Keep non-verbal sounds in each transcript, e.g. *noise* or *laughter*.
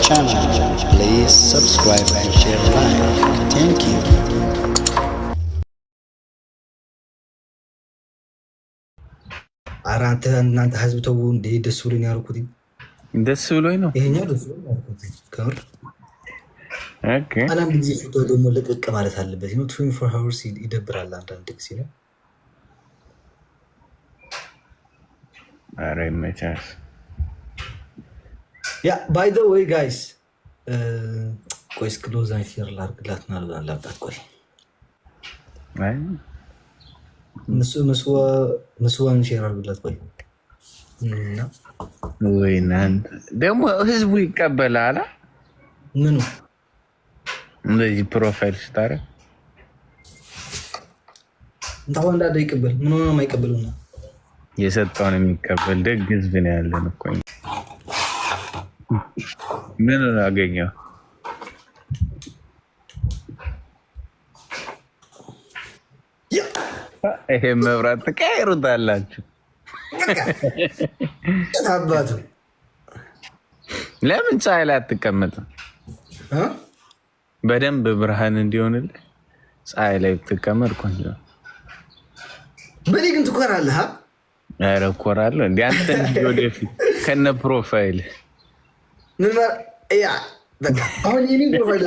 channel. Please subscribe and share like. Thank you. አራንተ እናንተ ህዝብ ተው እንዴ! ደስ ብሎኝ ነው ያልኩት። ደስ ብሎኝ ነው ይሄኛው፣ ደስ ብሎኝ ያልኩት። ከምር አንዳንድ ጊዜ ፎቶ ደግሞ ለቀቅ ማለት አለበት ነው። ትዌንቲ ፎር ሀወርስ ይደብራል አንዳንድ ጊዜ ነው። ኧረ ይመቻል። ያ ባይ ዘ ወይ ጋይስ ቆይ እስክ አይ ፊር ላርግላት ናሉን ላብጣት ቆይ ምስዋን ሼር አርግላት ቆይ ወይ ደግሞ ህዝቡ ይቀበላል። ምኑ እንደዚህ ፕሮፋይል ስታረ እንታሁ እንዳደ ይቀበል ምን ሆነ ማይቀበሉ የሰጠውን የሚቀበል ደግ ህዝብ ነው ያለን እኮ ምን አገኘው? ይሄን መብራት ትቀይሩታላችሁ። አባቱ ለምን ፀሐይ ላይ አትቀመጥም? በደንብ ብርሃን እንዲሆንል ፀሐይ ላይ ብትቀመጥ ቆንጆ። በእኔ ግን ትኮራለህ። ኧረ እኮራለሁ። እንደ አንተ ወደፊት ከነ ፕሮፋይል አሁን የኔ ፕሮፋይል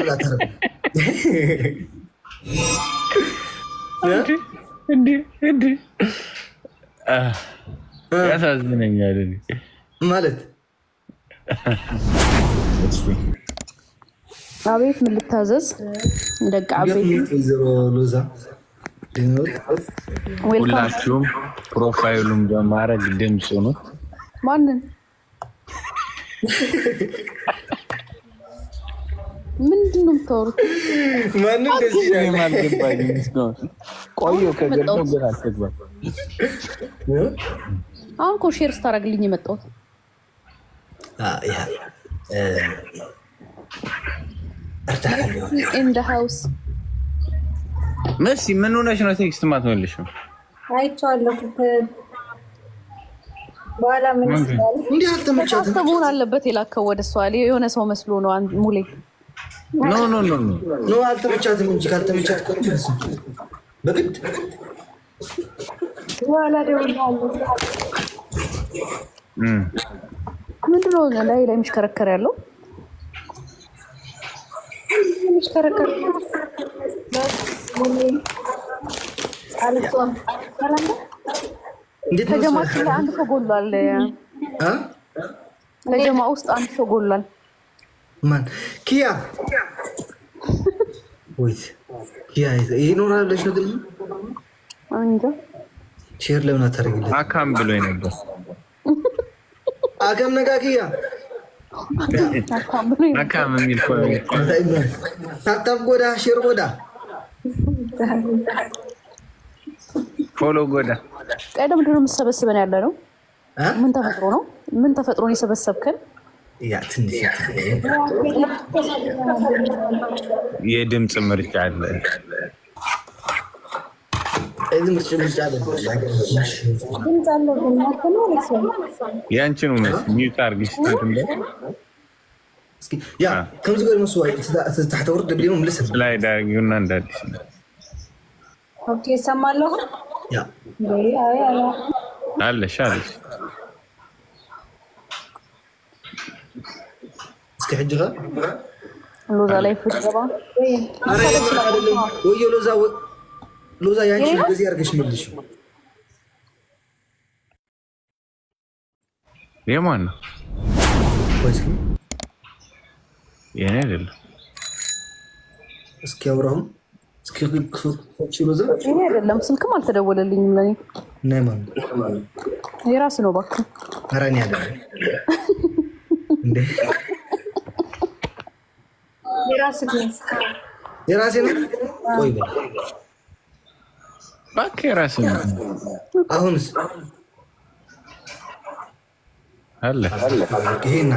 *laughs* ያሳዝነኛል ማለት አቤት ምን ልታዘዝ? ሁላችሁም ፕሮፋይሉን በማድረግ ድምፅ ማንን ምንድን ነው የምታወሩት? ማንም ከዚህ አልገባኝም። ቆዩ ከገርሞ ግን አልተግባም። አሁን እኮ ሼር ስታደርግልኝ የመጣሁት እንደ ሀውስ መሲ ምን ሆነሽ ነው ቴክስት ማትመልሽ አይቼዋለሁ። በኋላ ምን ይችላል? እንዲህ አልተመቻትም። መሆን አለበት የላከው ወደ እሷ የሆነ ሰው መስሎ ነው። ሙሌ ኖ ኖ ኖ ኖ አልተመቻትም እንጂ ካልተመቻት በግድ በኋላ ደውላለሁ። ምንድን ነው ላይ ላይ የሚሽከረከር ያለው የሚሽከረከር ከጀማችን ላይ አንድ ሰው ጎሏል። ከጀማ ውስጥ አንድ ሰው ጎሏል። ማን? ኪያ ወይ ኪያ ነው? ግን እንጃ ሼር ለምን አካም ብሎ ነበር። አካም ነጋ ኪያ አካም የሚል ጎዳ ሼር ጎዳ ፎሎ ጎዳ ቆይ ለምንድን ነው የምትሰበስበን ያለ ነው? ምን ተፈጥሮ ነው? ምን ተፈጥሮ ነው የሰበሰብከን? የድምፅ ምርጫ አለ። ያንቺ ነው አድርጊ። አለሽ አለሽ እስኪ ሕጂ ጋር ሎዛ ላይ ፍትገባ ወይ ሎዛ ሎዛ ያንቺ እንደዚህ አድርገሽ መልሽ። የማን ነው? የኔ አይደለም። እስኪ አውራሁን አይደለም ስልክም አልተደወለልኝም። ለኔ የራስ ነው እባክህ። የራሴ ነው። የራሴ ነው። አሁንስ አለ ይሄን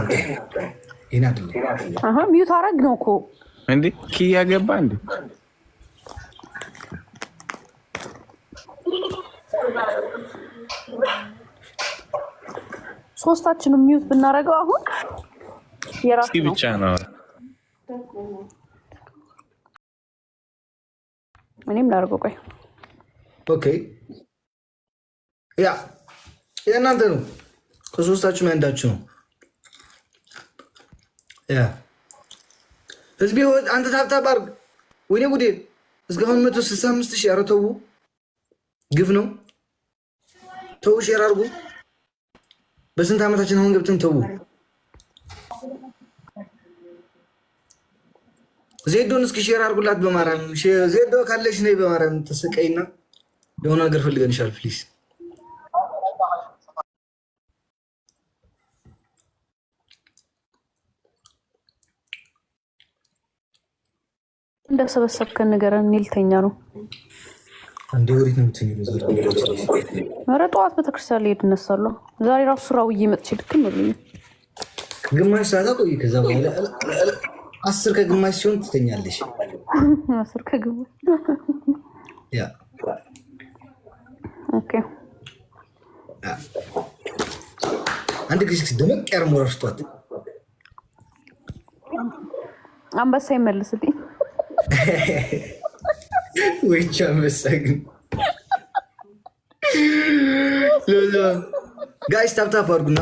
ሚዩት አረግ ነው እኮ እንዴ ኪያ ገባ እንዴ ሶስታችን ሚዩት ብናደርገው አሁን የራሱ ብቻ ነው። እኔም ላድርገው። ቆይ ኦኬ፣ ያ የእናንተ ነው። ከሶስታችሁ ያንዳችሁ ነው። ያ ህዝቤ አንተ ታብታብ አድርግ። ወይኔ ጉዴ! እስካሁን መቶ ስልሳ አምስት ሺህ ኧረ ተው፣ ግፍ ነው። ተው ሼር አድርጉ። በስንት ዓመታችን አሁን ገብተን ተዉ። ዜዶን እስኪ ሼር አድርጉላት በማርያም ዜዶ ካለሽ ነይ በማርያም ተሰቀይና የሆነ ነገር ፈልገንሻል ፕሊዝ። እንደሰበሰብከን ንገረን። እኔ ነው። እንዴ ወዴት ነው የምትሄዱ? ኧረ ጠዋት ቤተክርስቲያን ላይ እነሳለሁ። ዛሬ ራሱ ስራ ውዬ መጥቼ ልክም ብሎኛል። ግማሽ ሰዓት ቆይ፣ ከዛ በኋላ አስር ከግማሽ ሲሆን ትተኛለሽ። *laughs* አስር ከግማሽ *laughs* ያ ኦኬ። አንድ ጊዜ ደመቅ ያር ሞራሽ ጠዋት አንበሳ ይመልስልኝ *laughs* ወይቻ አንበሳ ጋይስ ታብታብ አድርጉና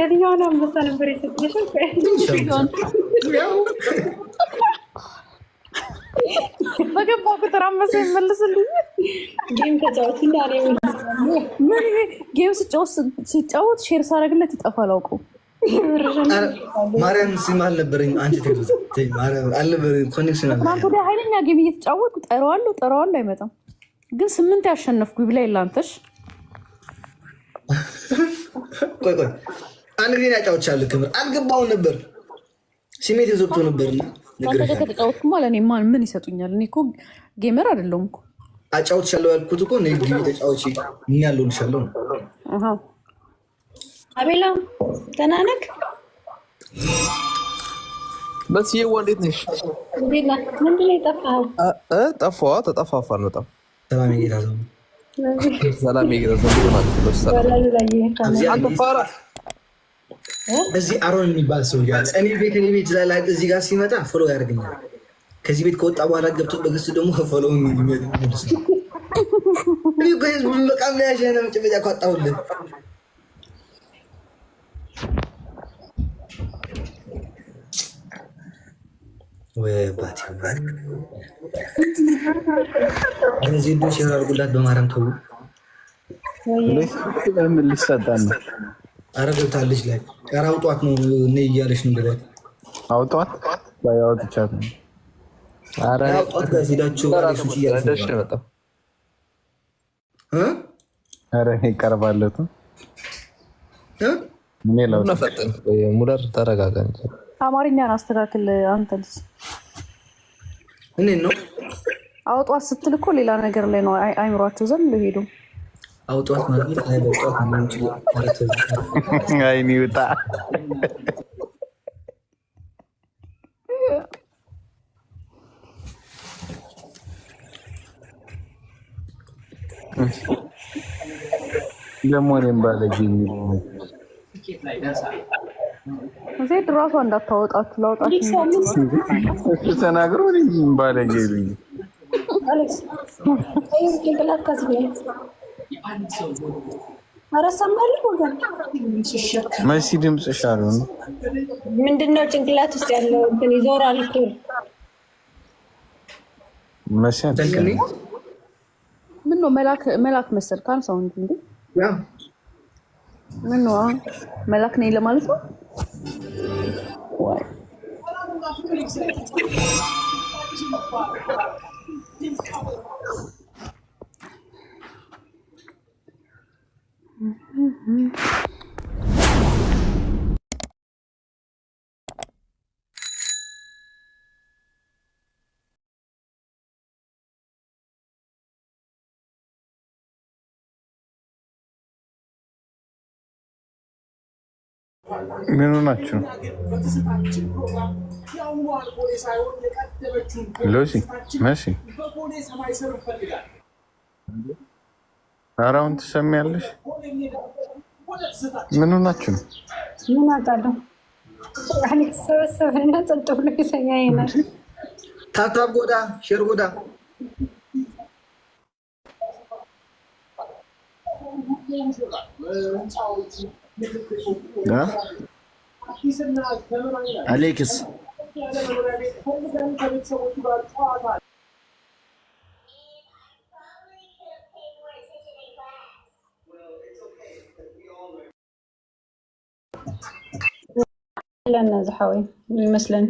የትኛውን አንበሳ ነበር በገባ ቁጥር አንበሳ ይመልስልኝ። ጌም ስጫወት ሼር ሳደርግለት ይጠፋል አውቀው ማርያም ሲም አልነበረኝ። አንቺ ኃይለኛ ጌም እየተጫወትኩ ጠረዋለሁ ጠረዋለሁ አይመጣም። ግን ስምንት ያሸነፍኩ ብላ የላንተሽ ቆይ ቆይ አንድ ጊዜ ያጫውቻለሁ። ክብር አልገባሁም ነበር ስሜት የዘብቶ ነበር። ከተጫወትኩ ለእኔ ማን ምን ይሰጡኛል? እኔ እኮ ጌመር አይደለሁም እኮ አጫውትሻለሁ ያልኩት እኮ ተጫዎች ምን ያለሁልሻለሁ ነው አቤላ ደህና ነህ? መስዬዋ እንዴት ነሽ? ተጠፋፋን። በጣም ሰላም ጌታ እዚህ አሮን የሚባል ሰው እኔ ቤት እኔ ቤት እዚህ ጋር ሲመጣ ፎሎ ያደርገኛል። ከዚህ ቤት ከወጣ በኋላ ገብቶ በግስ ደግሞ ፎሎ ነው። *laughs* እነዚህ ዱ ሼር አድርጉላት በማርያም ተው። ለምን ሊሰጣን ነው? አረ ገብታለች ላይ ኧረ አውጧት ነው እኔ እያለች ነው ብሏት፣ አውጧት ላይ አውጥቻት ነው። አረ አውጧት ጋር ሱስ እያለች ነው። አረ ይቀርባለት ነው። እኔ ለውጥ ሙለር ተረጋጋ እንጂ አማርኛን አስተካክል። አንተንስ እኔ ነው አውጧት ስትል እኮ ሌላ ነገር ላይ ነው አይምሯቸው ዘንድ ሄዱ። አውጧት ማለት አይበጧት አይኒውጣ ደግሞ እኔም ባለጌ የሚል ዜድ ራሷ እንዳታወጣችሁ ላውጣችሁ ተናግሮ ባለጌ መሲ ምንድነው? ጭንቅላት ውስጥ ያለው እንትን ይዞራል። መሲ ምን ነው መላክ መላክ መሰል ሰው እንዴ? ምን ነው መላክ ነኝ ለማለት ነው። Mm-hmm. ምን ናችሁ? ሎሲ መሲ አራውን ትሰሚያለሽ? ምን ነው? ምን አውቃለሁ። ተሰበሰበና ጸጥ ብሎ ይሰኛ ይናል። ታብታብ ጎዳ ሼር ጎዳ አሌክስ ለና ዝሓወይ ይመስለኒ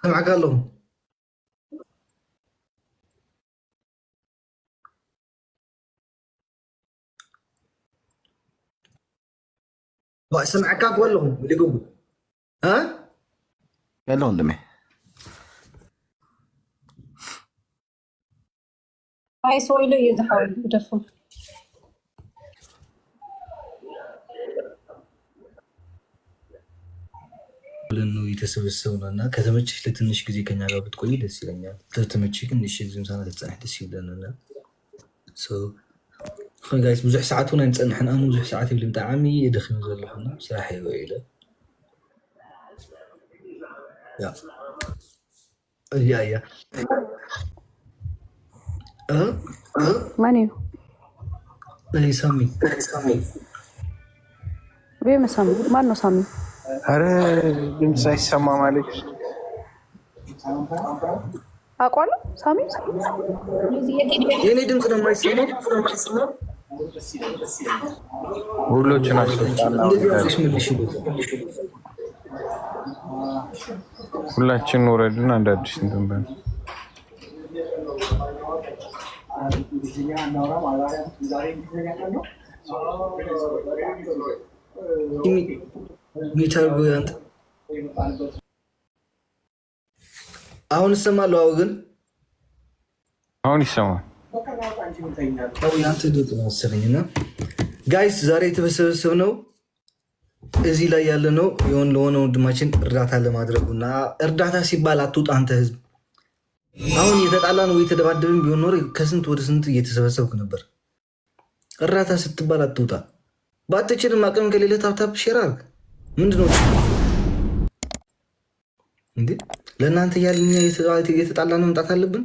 ከምዓቃ ኣለኹ ሰምዐካ ከለኹ ልግቡ ያለ ወንድሜ አይ ሰው ኢሉ እዩ ዝሓወሉ ደፉ ብለን የተሰበሰብነው እና ከተመቸሽ ለትንሽ ጊዜ ከኛ ጋር ብትቆይ ደስ ይለኛል። ተመቸሽ ግን እሺ ዝምሳና ተጸናሽ ደስ ይለንና خويا جايز بزح ساعات نسأل نتسنح انا بزح ساعات يبلي متاع عمي يدخل نزل لحنا بصراحة يا ويلة يا يا يا اه اه مانيو اي سامي اي سامي بيما سامي مانو سامي ارا بمساي سما مالك اقوالو سامي يعني دمتنا ما يسمى ሁሎች ናቸው። ሁላችን ውረድን አንድ አዲስ እንትን በል አሁን ይሰማል። አዎ ግን አሁን ይሰማል። ጋይስ ዛሬ የተሰበሰብ ነው እዚህ ላይ ያለ ነው የሆን ለሆነ ወንድማችን እርዳታ ለማድረጉ እና እርዳታ ሲባል አትውጣ አንተ ህዝብ። አሁን የተጣላን ወይ የተደባደብን ቢሆን ኖሮ ከስንት ወደ ስንት እየተሰበሰብክ ነበር። እርዳታ ስትባል አትውጣ። በአትችልም አቅም ከሌለ ታፕታፕ ሼር አድርግ። ምንድነው እንዴ ለእናንተ ያለ እኛ የተጣላን መምጣት አለብን?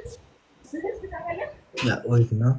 ያ ወይት ነው